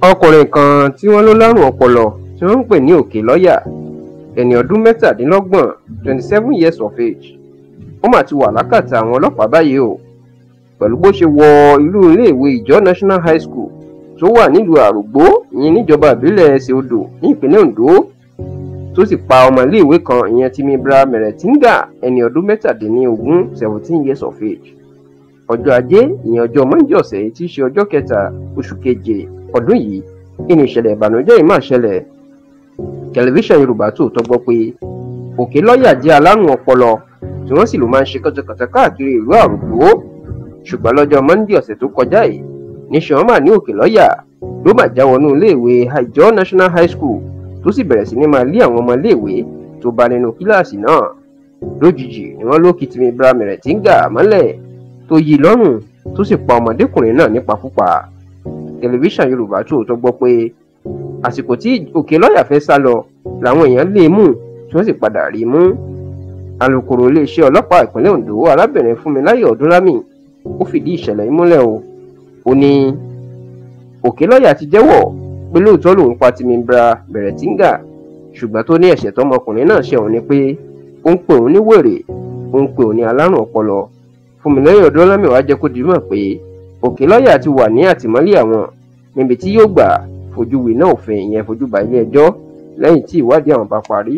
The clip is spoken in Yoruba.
ọkùnrin kan tí wọ́n ló lárùn ọpọlọ tí wọ́n ń pè ní òkè lọ́yà ẹni ọdún mẹ́tàdínlọ́gbọ̀n twenty seven years of age ó mà ti wà lákàtà àwọn ọlọ́pàá báyìí o pẹ̀lú bó ṣe wọ ìlú iléèwé ìjọ national high school tó wà nílùú àrògbó ìyẹn níjọba ìbílẹ̀ ẹsẹ̀ odò ní ìpínlẹ̀ ondo tó sì pa ọmọ iléèwé kan ìyẹn tìmíbra mẹ̀rẹ̀tíngà ẹni ọdún mẹ́tàdínlógún seventeen years of age ọjọ́ ajé ìyẹn ọjọ́ mọ́ńdé ọ̀sẹ̀ tí í ṣe ọjọ́ kẹta oṣù keje ọdún yìí ìní ìṣẹ̀lẹ̀ ìbànújẹ́ yìí máa ṣẹlẹ̀ tẹlifíṣàn yorùbá Tòótọ́ gbọ́ pé òkè lọ́ọ̀yà jẹ́ alárùn ọpọlọ tí wọ́n sì ló máa ń ṣe kọ́tọ̀kọ́tọ̀ káàkiri ìlú àrùgbó ṣùgbọ́n lọ́jọ́ mọ́ńdé ọ̀sẹ̀ tó kọjá yìí níṣẹ́ wọn ní òkè lọ́ọ̀yà ló máa já wọnú iléèwé àjọ national high school tó sì bẹ̀rẹ̀ sí ní máa lé àwọn ọmọ iléèwé tó bá nínú kíláàsì náà lójijì ni wọ́n ló kìtìmí bramire tí ń gà mọ́lẹ̀ tó yí lọ́rùn tó sì pa ọmọdékùnrin náà nípakúpa tẹlifíṣàn yorùbá tòótọ́ gbọ́ pé àsìkò tí òkè lọ́ọ̀yà fẹ́ sá lọ làwọn èèyàn lé e mú tí wọ́n sì padà rí i mú alūkkóró iléeṣẹ́ ọlọ́pàá ìpínlẹ̀ ondo arábìnrin fúnmiláyọ̀ ọdúnlámì ó fìdí ìṣẹ̀lẹ̀ yìí múlẹ̀ o ó ní òkè lọ́ọ̀yà ti jẹ́wọ́ pé lóòótọ́ lòun pa Tìmíbra Bẹ̀rẹ̀tíńgà ṣùgbọ́n tó ní ẹ̀ṣẹ̀ tọmọkùnrin náà ṣe òun ni pé ó ń pè òun ní wèrè ó ń pè òun ní alárùn ọpọlọ fúnmiláyọ̀ ọdúnlàmẹ̀wá jẹ́ kó dìímọ̀ pé òkèlọ́yà ti wà ní àtìmọ́lé àwọn níbi tí yóò gbà fojú winá òfin ìyẹn fojú bá ilé ẹjọ́ lẹ́yìn tí ìwádìí àwọn bá parí.